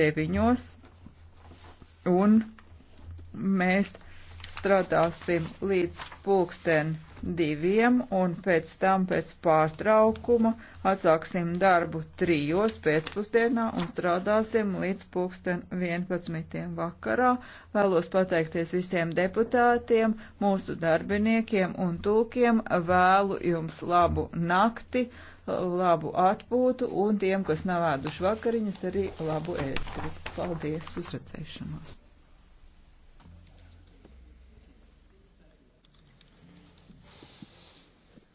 deviņos un mēs strādāsim līdz pulksten diviem un pēc tam pēc pārtraukuma atsāksim darbu trijos pēcpusdienā un strādāsim līdz pulksten 11. vakarā. Vēlos pateikties visiem deputātiem, mūsu darbiniekiem un tūkiem. Vēlu jums labu nakti, labu atpūtu un tiem, kas nav ēduši vakariņas, arī labu ēst. Paldies, uzredzēšanos!